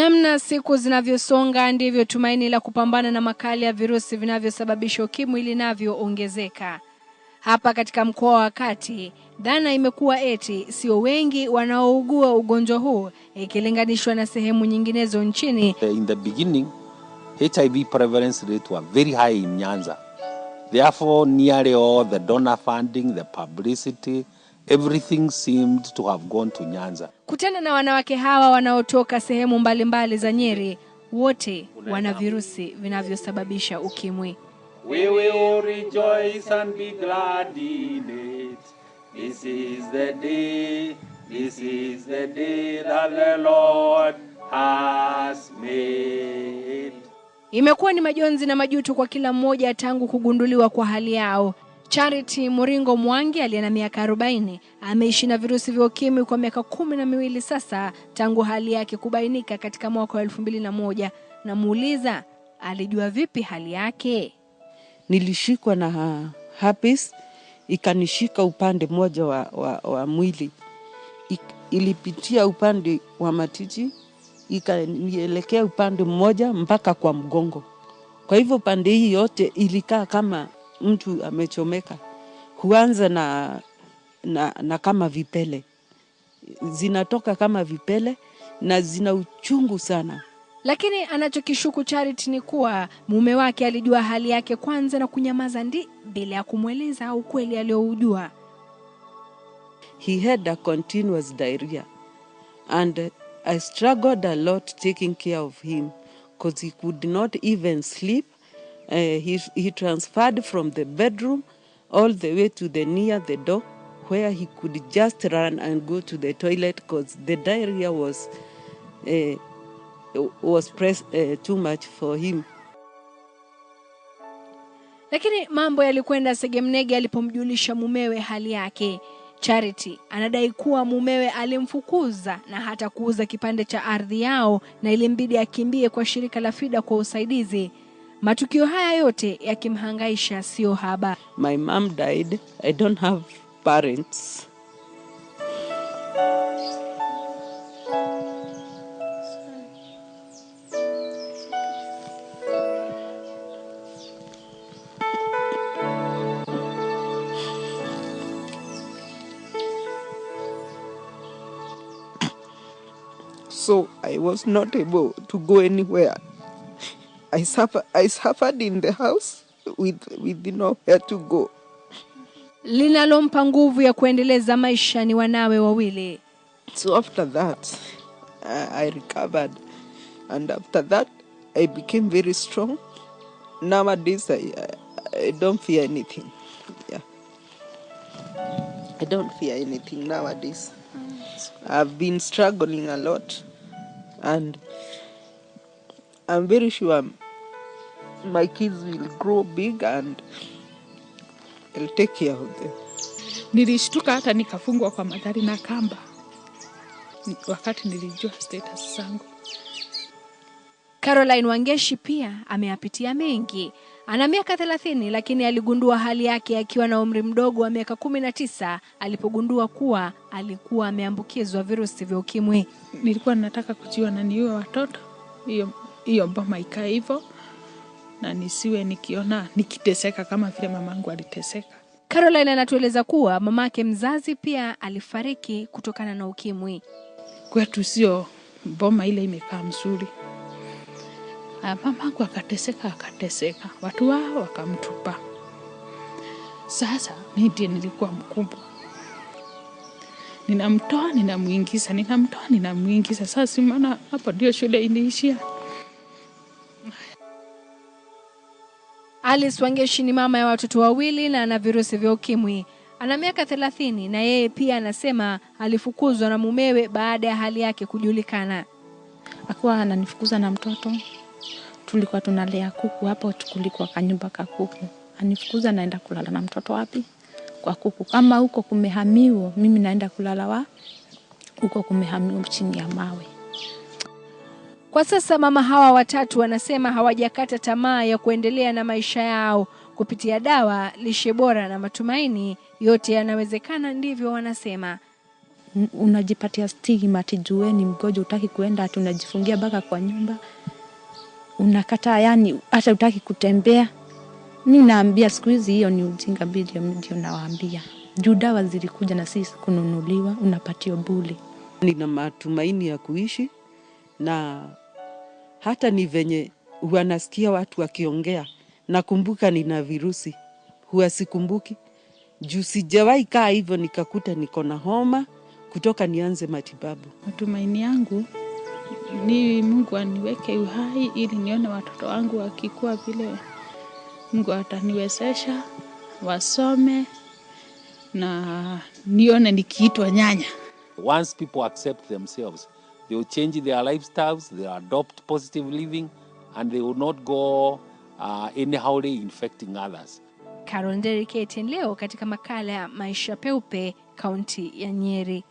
Namna siku zinavyosonga ndivyo tumaini la kupambana na makali ya virusi vinavyosababisha ukimwi linavyoongezeka. Hapa katika mkoa wa Kati, dhana imekuwa eti sio wengi wanaougua ugonjwa huu ikilinganishwa na sehemu nyinginezo nchini. Eh, in the beginning, HIV prevalence rate was very high in Nyanza. Therefore, nearly all the donor funding, the publicity, Everything seemed to have gone to Nyanza. Kutana na wanawake hawa wanaotoka sehemu mbalimbali za Nyeri, wote wana virusi vinavyosababisha ukimwi. We will rejoice and be glad in it. This is the day, this is the day that the Lord has made. Imekuwa ni majonzi na majuto kwa kila mmoja tangu kugunduliwa kwa hali yao. Charity Muringo Mwangi aliye na miaka 40 ameishi na virusi vya ukimwi kwa miaka kumi na miwili sasa tangu hali yake kubainika katika mwaka wa 2001. Namuuliza alijua vipi hali yake. Nilishikwa na herpes ikanishika upande mmoja wa, wa, wa mwili Ik, ilipitia upande wa matiti ikanielekea upande mmoja mpaka kwa mgongo. Kwa hivyo pande hii yote ilikaa kama mtu amechomeka huanza na, na, na kama vipele zinatoka kama vipele na zina uchungu sana. Lakini anachokishuku Charity ni kuwa mume wake alijua hali yake kwanza na kunyamaza ndi bila ya kumweleza au kweli aliyoujua. He had a continuous diarrhea and I struggled a lot taking care of him because he could not even sleep Uh, he, he transferred from the bedroom all the way to the near the door where he could just run and go to the toilet because the diarrhea was, uh, was pressed uh, too much for him. Lakini mambo yalikwenda segemnege alipomjulisha mumewe hali yake. Charity anadai kuwa mumewe alimfukuza na hata kuuza kipande cha ardhi yao na ilimbidi akimbie kwa shirika la Fida kwa usaidizi. Matukio haya yote yakimhangaisha sio haba. My mom died. I don't have parents. So I was not able to go anywhere. I, suffer, I suffered in the house with, with nowhere to go. Linalompa nguvu ya kuendeleza maisha ni wanawe wawili. So after that I, uh, I recovered and after that I became very strong. Nowadays I, I don't fear anything. Yeah. I don't fear anything nowadays. Mm. I've been struggling a lot and I'm very sure my kids will grow big and I'll take care of them. Nilishtuka hata nikafungwa kwa madhari na kamba wakati nilijua status zangu. Caroline Wangeshi pia ameyapitia mengi. Ana miaka thelathini lakini aligundua hali yake akiwa na umri mdogo wa miaka kumi na tisa alipogundua kuwa alikuwa ameambukizwa virusi vya ukimwi. Nilikuwa nataka kujiwa na niue watoto, hiyo hiyo boma ikae hivyo na nisiwe nikiona nikiteseka kama vile mamangu aliteseka. Caroline anatueleza kuwa mamake mzazi pia alifariki kutokana na ukimwi. Kwetu sio boma ile imekaa mzuri, ah, mamangu akateseka akateseka, watu wao wakamtupa. Sasa mimi ndiye nilikuwa mkubwa, ninamtoa ninamwingiza, ninamtoa ninamwingiza. Sasa simana maana hapo ndio shule iliishia. Alice Wangeshi ni mama ya watoto wawili na ana virusi vya ukimwi. Ana miaka thelathini na yeye pia anasema alifukuzwa na mumewe baada ya hali yake kujulikana. Akuwa ananifukuza na mtoto, tulikuwa tunalea kuku hapo, kulikuwa kanyumba ka kuku, anifukuza naenda kulala na mtoto wapi? Kwa kuku. Kama huko kumehamiwa, mimi naenda kulala wa huko kumehamiwa chini ya mawe. Kwa sasa mama hawa watatu wanasema hawajakata tamaa ya kuendelea na maisha yao kupitia dawa, lishe bora na matumaini. Yote yanawezekana, ndivyo wanasema. Unajipatia stigma ati jue ni mgonjwa, utaki kuenda, ati unajifungia mpaka kwa nyumba, unakataa, yani hata utaki kutembea. Mi naambia siku hizi hiyo ni ujinga bilio, ndio nawaambia juu dawa zilikuja na sisi kununuliwa, unapatio buli. Nina matumaini ya kuishi na hata ni venye wanasikia watu wakiongea, nakumbuka nina virusi, huwa sikumbuki juu sijawahi kaa hivyo nikakuta niko na homa kutoka nianze matibabu. Matumaini yangu ni Mungu aniweke uhai ili nione watoto wangu wakikua vile Mungu ataniwezesha wasome na nione nikiitwa nyanya. Once people accept themselves They will change their lifestyles, they adopt positive living, and they will not go uh, anyhowly infecting others. Carol Nderikieten leo katika makala ya maisha peupe kaunti ya Nyeri.